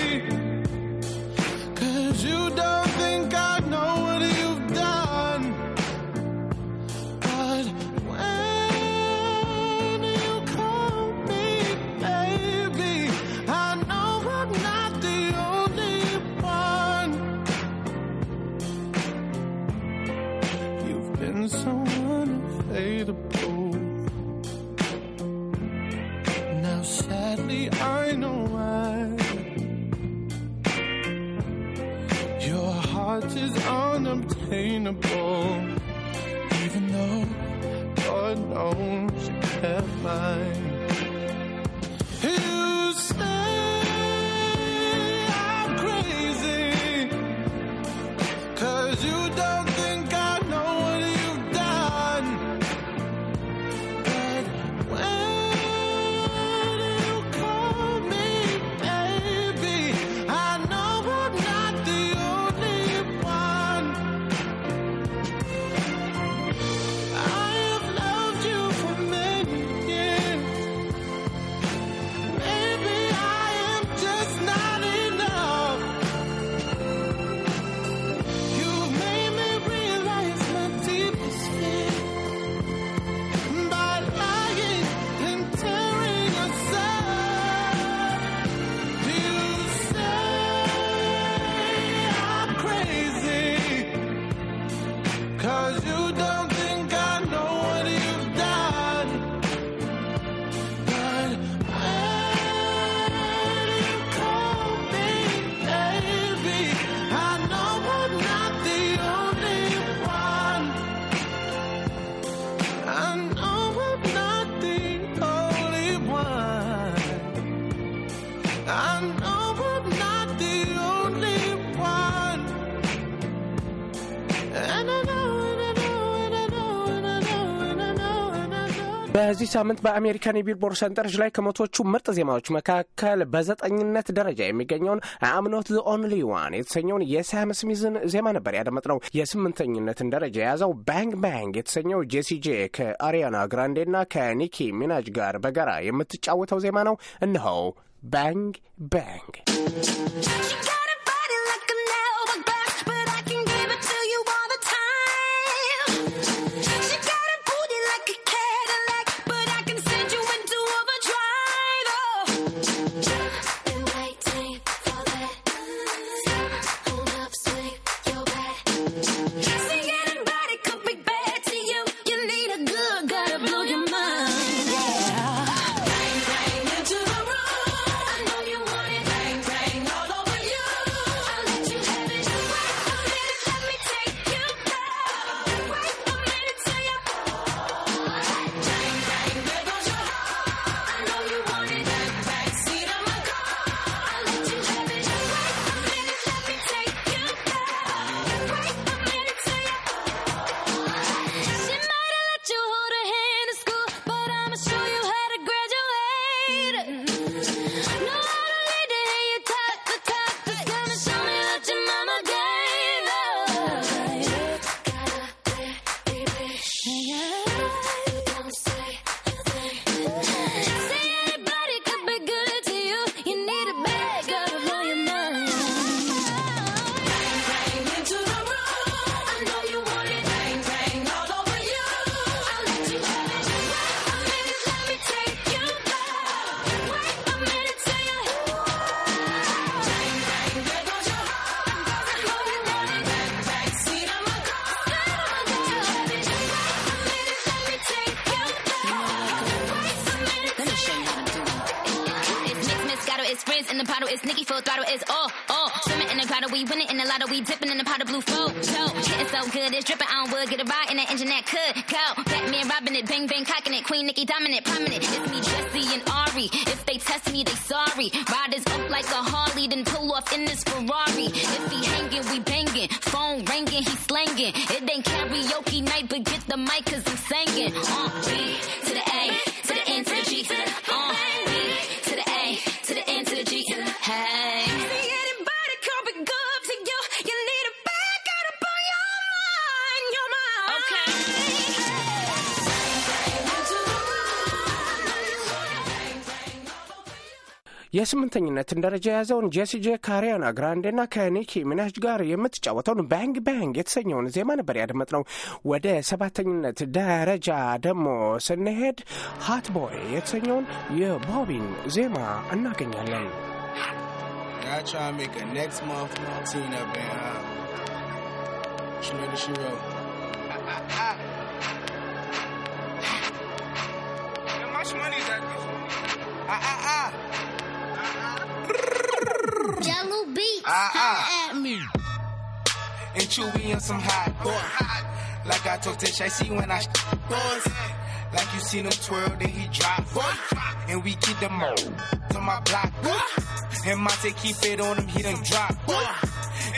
unattainable, even though God knows you have mine. በዚህ ሳምንት በአሜሪካን የቢልቦርድ ሰንጠረዥ ላይ ከመቶዎቹ ምርጥ ዜማዎች መካከል በዘጠኝነት ደረጃ የሚገኘውን አምኖት ኦንሊ ዋን የተሰኘውን የሳም ስሚዝን ዜማ ነበር ያደመጥነው። የስምንተኝነትን ደረጃ የያዘው ባንግ ባንግ የተሰኘው ጄሲጄ ከአሪያና ና ከኒኪ ሚናጅ ጋር በጋራ የምትጫወተው ዜማ ነው። እነሆው ባንግ ባንግ off in this Ferrari. If he hanging, we banging. Phone ringing, he slanging. It ain't karaoke night, but get the mic cause I'm singing. Uh, የስምንተኝነትን ደረጃ የያዘውን ጄሲጄ ካሪያና ግራንዴና ከኒኪ ሚናጅ ጋር የምትጫወተውን ባንግ ባንግ የተሰኘውን ዜማ ነበር ያደመጥነው። ወደ ሰባተኝነት ደረጃ ደግሞ ስንሄድ ሀት ቦይ የተሰኘውን የቦቢን ዜማ እናገኛለን። Ah ah ah. Jello beats, uh-uh. Ah, ah. at me. And Chewy and some hot boy. Like I told Tish, I see when I boys. Like you seen him twirl, then he drop. Boy. And we keep the mo to my block. Boy. And Monte keep it on him, he done drop. Boy.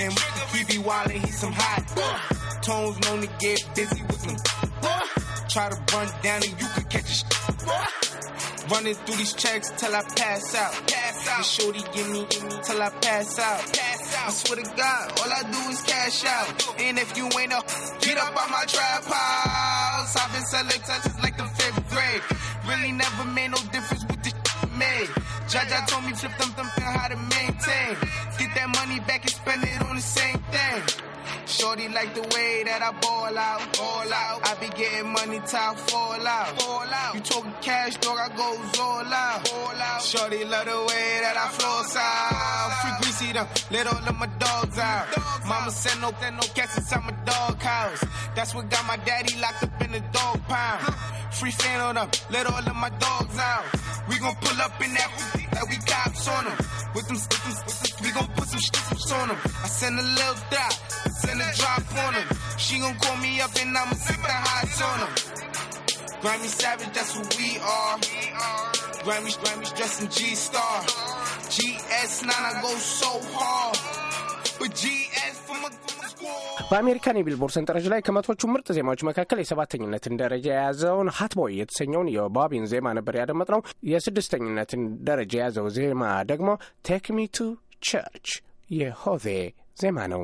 And he be wildin', he some hot. Boy. Tones known to get busy with me. Boy. Try to run down and you could catch a boy. Running through these checks till I pass out. Pass out. shorty give me, give me till I pass out. Pass out. I swear to God, all I do is cash out. And if you ain't a, get up on my trap house. I've been selling touches like the fifth grade. Really never made no difference with the made. Jaja told me flip them, them, how to maintain. Get that money back and spend it on the same thing. Shorty like the way that I ball out. Ball out. I be getting money till fall out. Fall out. You talking cash, dog? I go all out. All out. Shorty love the way that I flow out. Free greasy them, let all of my dogs out. Dogs Mama send nothin', no, then no cats inside my dog house. That's what got my daddy locked up in the dog pound. Free fan on them, let all of my dogs out. We gon' pull up in that hoopty that we cops on them. With them stickers, we gon' put some stickers on them. I send a little dot, send a drop on them. She gon' call me up and I'ma sit the high on them. Grammy Savage, that's who we are. Grammy's, Grammy's dressing G-Star. GS9, I go so hard. በአሜሪካን የቢልቦርድ ሰንጠረዥ ላይ ከመቶቹ ምርጥ ዜማዎች መካከል የሰባተኝነትን ደረጃ የያዘውን ሀትቦይ የተሰኘውን የባቢን ዜማ ነበር ያደመጥነው። የስድስተኝነትን ደረጃ የያዘው ዜማ ደግሞ ቴክ ሚ ቱ ቸርች የሆዜ ዜማ ነው።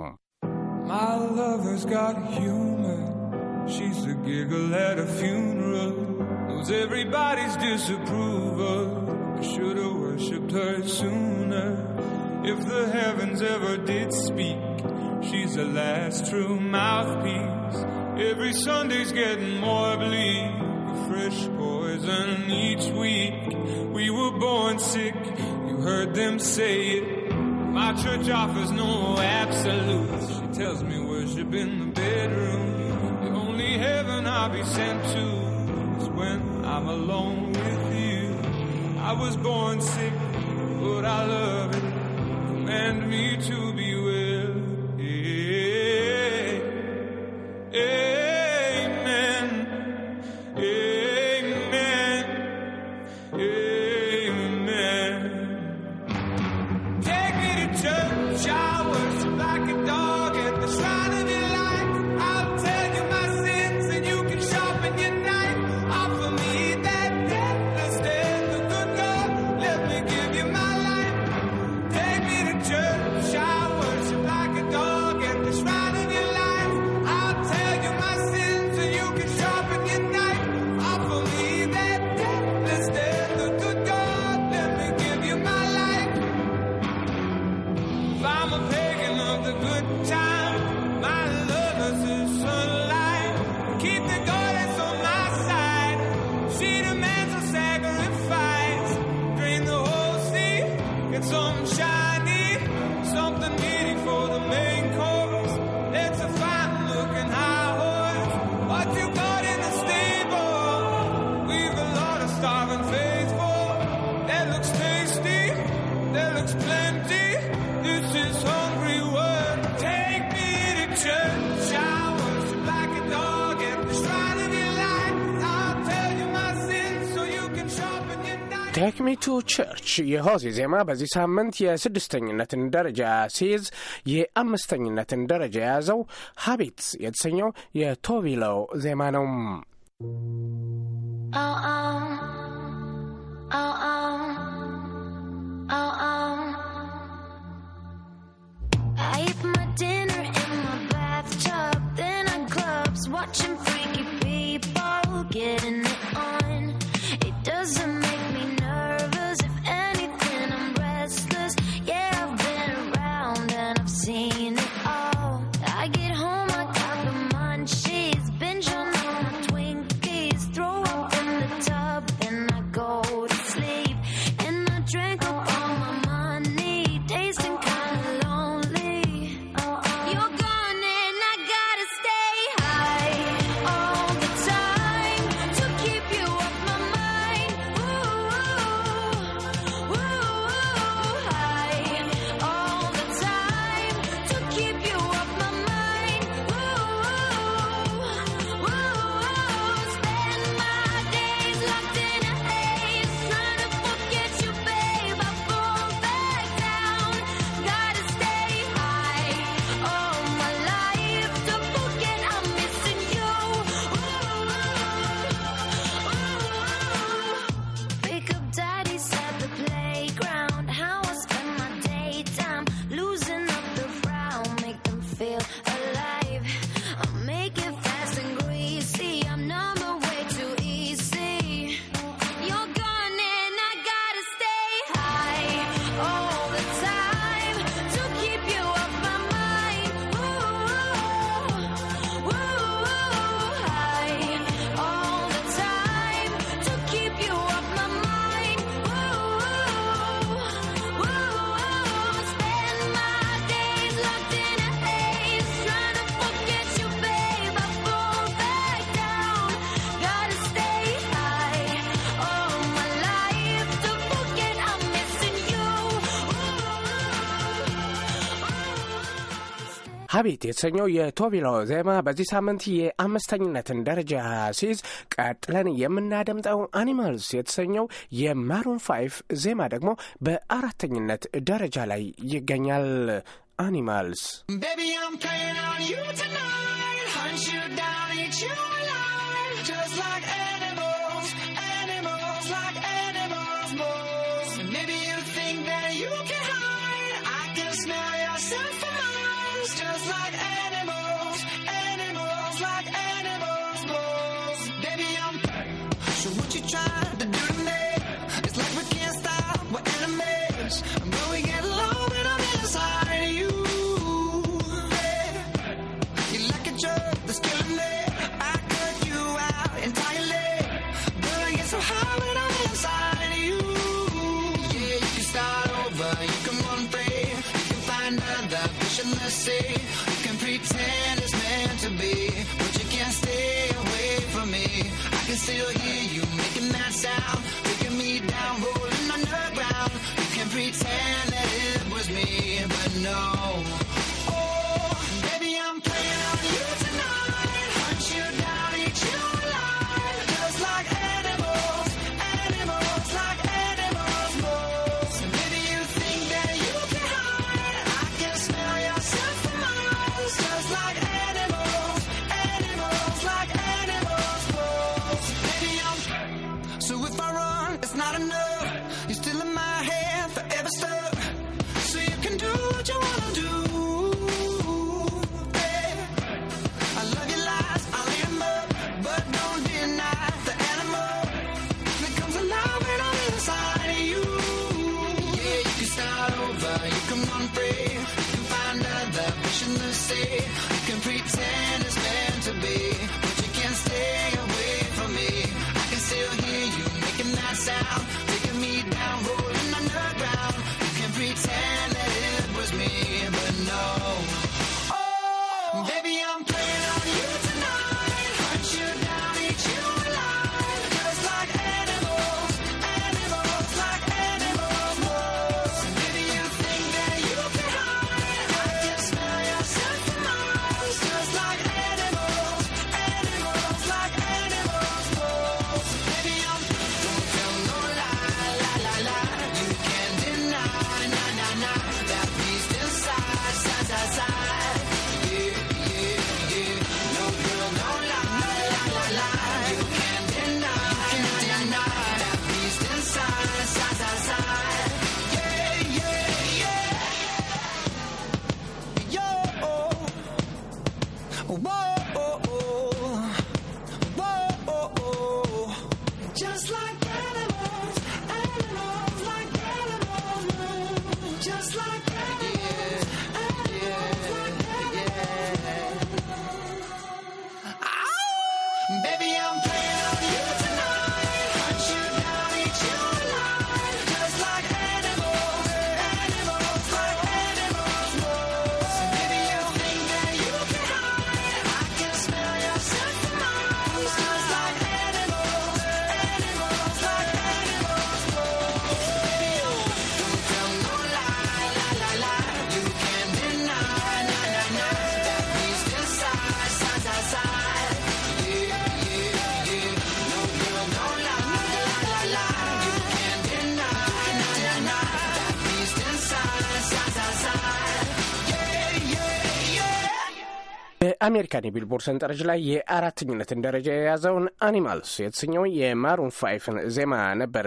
everybody's disapproval. I should have worshipped her sooner. If the heavens ever did speak, she's the last true mouthpiece. Every Sunday's getting more bleak, a fresh poison each week. We were born sick, you heard them say it. My church offers no absolutes. She tells me worship in the bedroom. The only heaven I'll be sent to is when I'm alone with you. I was born sick, but I love it command me to be ቸርች የሆዜ ዜማ በዚህ ሳምንት የስድስተኝነትን ደረጃ ሲይዝ የአምስተኝነትን ደረጃ የያዘው ሀቢት የተሰኘው የቶቪለው ዜማ ነው። Watching freaky people getting it on. It doesn't matter. ሀቢት የተሰኘው የቶቢሎ ዜማ በዚህ ሳምንት የአምስተኝነትን ደረጃ ሲይዝ፣ ቀጥለን የምናደምጠው አኒማልስ የተሰኘው የማሩን ፋይፍ ዜማ ደግሞ በአራተኝነት ደረጃ ላይ ይገኛል። አኒማልስ Animals like still hear you making that sound, taking me down, rolling underground. You can pretend. በአሜሪካን የቢልቦርድ ሰንጠረዥ ላይ የአራተኝነትን ደረጃ የያዘውን አኒማልስ የተሰኘው የማሩን ፋይፍን ዜማ ነበር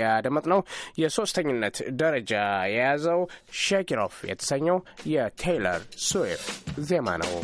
ያደመጥ ነው። የሶስተኝነት ደረጃ የያዘው ሸኪሮፍ የተሰኘው የቴይለር ስዊፍት ዜማ ነው።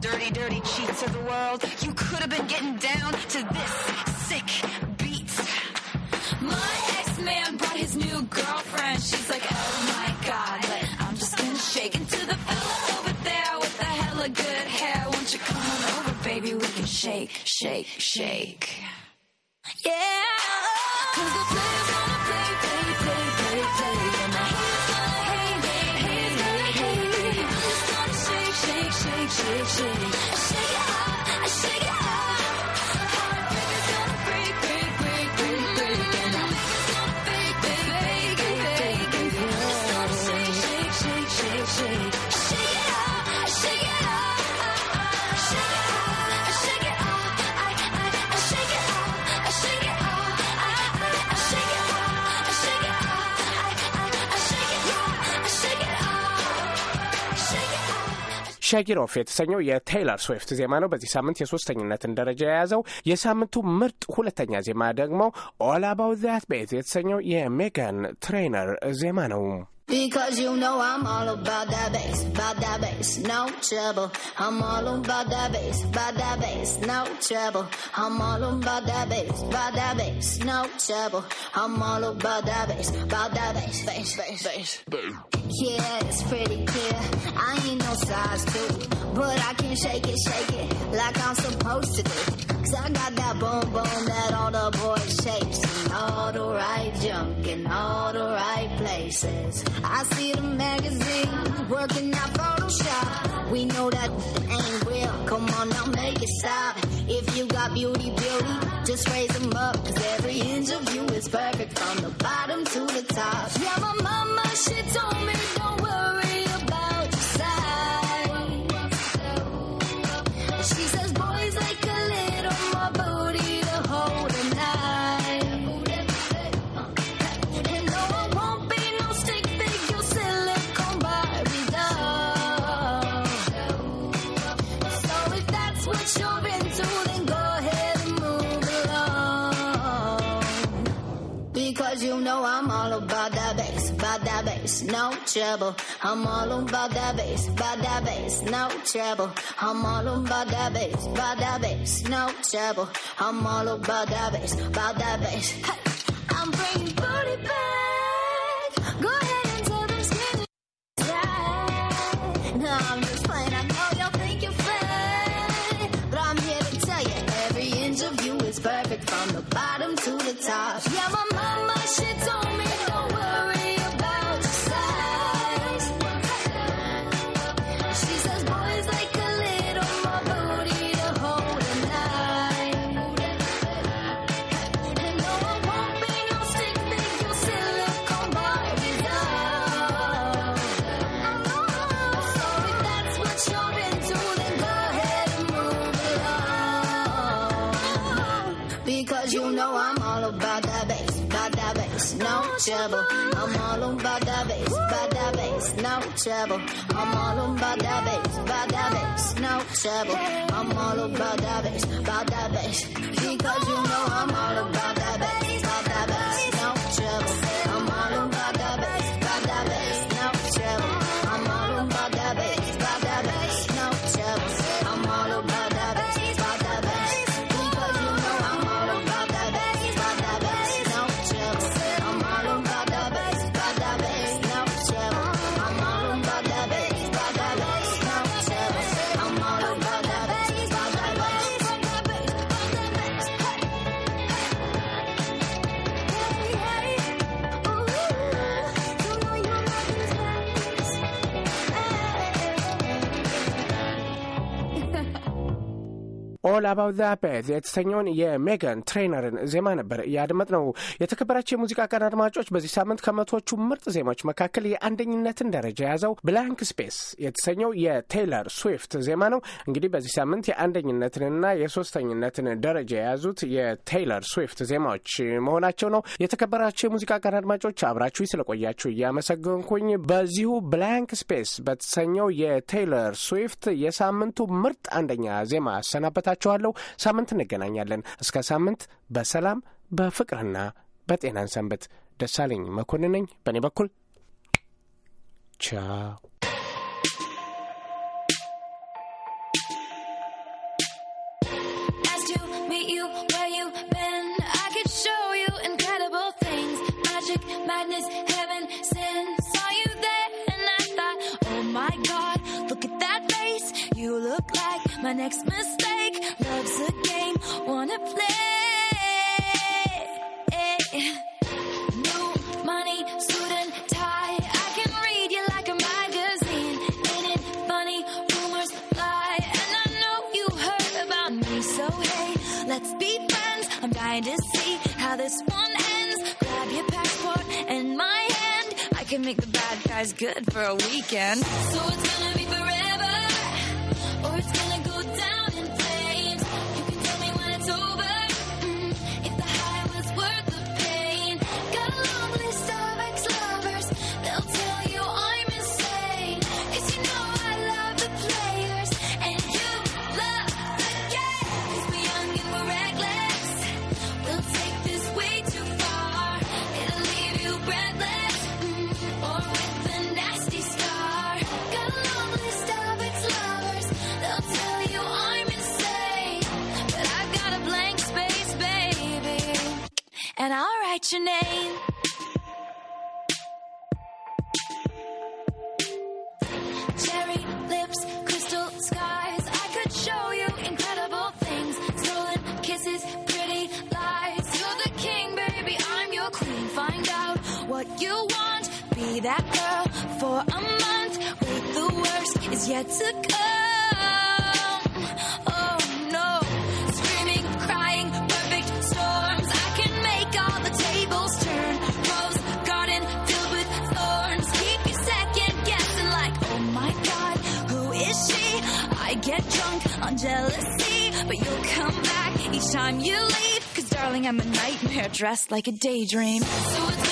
dirty, dirty cheats of the world. You could have been getting down to this sick beat. My ex-man brought his new girlfriend. She's like, oh my god, I'm just gonna shake into the fella over there with the hella good hair. Won't you come on over, baby? We can shake, shake, shake. Yeah. ሸጊር የተሰኘው የቴይለር ስዊፍት ዜማ ነው። በዚህ ሳምንት የሶስተኝነትን ደረጃ የያዘው የሳምንቱ ምርጥ ሁለተኛ ዜማ ደግሞ ኦላባው ዛት ቤዝ የተሰኘው የሜጋን ትሬነር ዜማ ነው። Because you know I'm all about that bass, about that bass, no trouble. I'm all about that bass, about that bass, no trouble. I'm all about that bass, about that bass, no trouble. I'm all about that bass, about that bass, bass, bass, bass. bass. Yeah, it's pretty clear. I ain't no size two, but I can shake it, shake it like I'm supposed to do. Cause I got that boom boom that all the boys chase, all the right junk in all the right places. I see the magazine working out Photoshop. We know that ain't real. Come on now, make it stop. If you got beauty, beauty, just raise them up. Cause every inch of you is perfect from the bottom to the top. know I'm all about that bass, about that bass, no trouble. I'm all about that bass, about that bass, no trouble. I'm all about that bass, about that bass, no trouble. I'm all about that bass, about that bass. Hey, I'm bringing booty back. Go ahead and tell this minute that. No, trouble. I'm all on by that bass, by that bass, no trouble. I'm all on by that bass, by that bass, no trouble. I'm all about that bass, by that bass, because you know I'm all about that bass. ኦል አባውት ዛ ቤዝ የተሰኘውን የሜገን ትሬነርን ዜማ ነበር እያደመጥ ነው። የተከበራቸው የሙዚቃ ቀን አድማጮች፣ በዚህ ሳምንት ከመቶዎቹ ምርጥ ዜማዎች መካከል የአንደኝነትን ደረጃ የያዘው ብላንክ ስፔስ የተሰኘው የቴይለር ስዊፍት ዜማ ነው። እንግዲህ በዚህ ሳምንት የአንደኝነትንና የሶስተኝነትን ደረጃ የያዙት የቴይለር ስዊፍት ዜማዎች መሆናቸው ነው። የተከበራቸው የሙዚቃ ቀን አድማጮች፣ አብራችሁ ስለቆያችሁ እያመሰገንኩኝ በዚሁ ብላንክ ስፔስ በተሰኘው የቴይለር ስዊፍት የሳምንቱ ምርጥ አንደኛ ዜማ አሰናበታችሁ። እወዳችኋለሁ። ሳምንት እንገናኛለን። እስከ ሳምንት በሰላም በፍቅርና በጤናን ሰንበት። ደሳለኝ መኮንን ነኝ። በእኔ በኩል ቻው። My next mistake a game, wanna play. New money, student tie. I can read you like a magazine. Ain't it funny? Rumors fly. And I know you heard about me, so hey, let's be friends. I'm dying to see how this one ends. Grab your passport and my hand. I can make the bad guys good for a weekend. So it's gonna be forever. that girl for a month. Wait, the worst is yet to come. Oh no, screaming, crying, perfect storms. I can make all the tables turn. Rose garden filled with thorns. Keep you second guessing, like, oh my god, who is she? I get drunk on jealousy, but you'll come back each time you leave. Cause darling, I'm a nightmare dressed like a daydream. So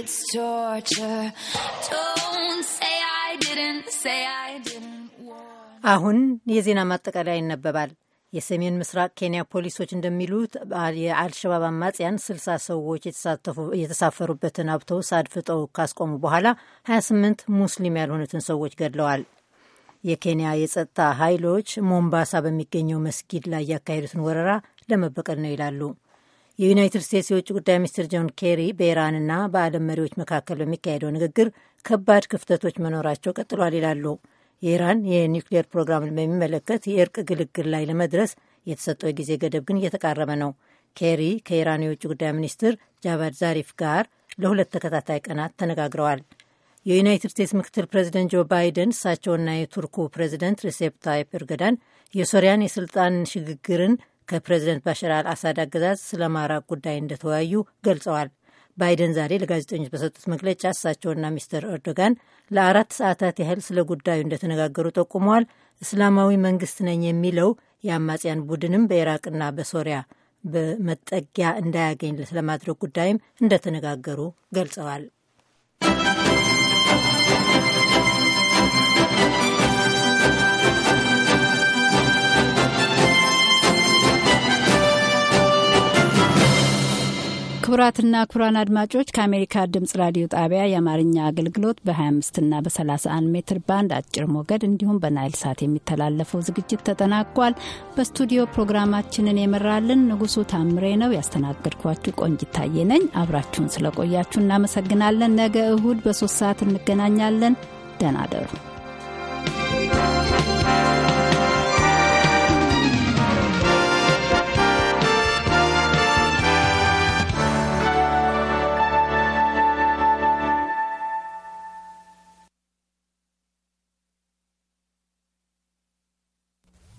it's torture. Don't say I didn't, say I didn't አሁን የዜና ማጠቃለያ ይነበባል። የሰሜን ምስራቅ ኬንያ ፖሊሶች እንደሚሉት የአልሸባብ አማጽያን ስልሳ ሰዎች የተሳፈሩበትን አውቶቡስ አድፍጠው ካስቆሙ በኋላ 28 ሙስሊም ያልሆኑትን ሰዎች ገድለዋል። የኬንያ የጸጥታ ኃይሎች ሞምባሳ በሚገኘው መስጊድ ላይ ያካሄዱትን ወረራ ለመበቀል ነው ይላሉ። የዩናይትድ ስቴትስ የውጭ ጉዳይ ሚኒስትር ጆን ኬሪ በኢራንና በዓለም መሪዎች መካከል በሚካሄደው ንግግር ከባድ ክፍተቶች መኖራቸው ቀጥሏል ይላሉ። የኢራን የኒውክሌር ፕሮግራምን በሚመለከት የእርቅ ግልግል ላይ ለመድረስ የተሰጠው ጊዜ ገደብ ግን እየተቃረበ ነው። ኬሪ ከኢራን የውጭ ጉዳይ ሚኒስትር ጃቫድ ዛሪፍ ጋር ለሁለት ተከታታይ ቀናት ተነጋግረዋል። የዩናይትድ ስቴትስ ምክትል ፕሬዚደንት ጆ ባይደን እሳቸውና የቱርኩ ፕሬዚደንት ሪሴፕ ታይፕ ኤርዶጋን የሶሪያን የስልጣን ሽግግርን ከፕሬዚደንት ባሻር አልአሳድ አገዛዝ ስለ ማራቅ ጉዳይ እንደተወያዩ ገልጸዋል። ባይደን ዛሬ ለጋዜጠኞች በሰጡት መግለጫ እሳቸውና ሚስተር ኤርዶጋን ለአራት ሰዓታት ያህል ስለ ጉዳዩ እንደተነጋገሩ ጠቁመዋል። እስላማዊ መንግስት ነኝ የሚለው የአማጽያን ቡድንም በኢራቅና በሶሪያ በመጠጊያ እንዳያገኝ ስለማድረግ ጉዳይም እንደተነጋገሩ ገልጸዋል። ክቡራትና ክቡራን አድማጮች ከአሜሪካ ድምጽ ራዲዮ ጣቢያ የአማርኛ አገልግሎት በ25 እና በ31 ሜትር ባንድ አጭር ሞገድ እንዲሁም በናይል ሳት የሚተላለፈው ዝግጅት ተጠናቋል። በስቱዲዮ ፕሮግራማችንን የመራልን ንጉሱ ታምሬ ነው። ያስተናገድኳችሁ ቆንጂት ታዬ ነኝ። አብራችሁን ስለቆያችሁ እናመሰግናለን። ነገ እሁድ በሶስት ሰዓት እንገናኛለን። ደህና ደሩ።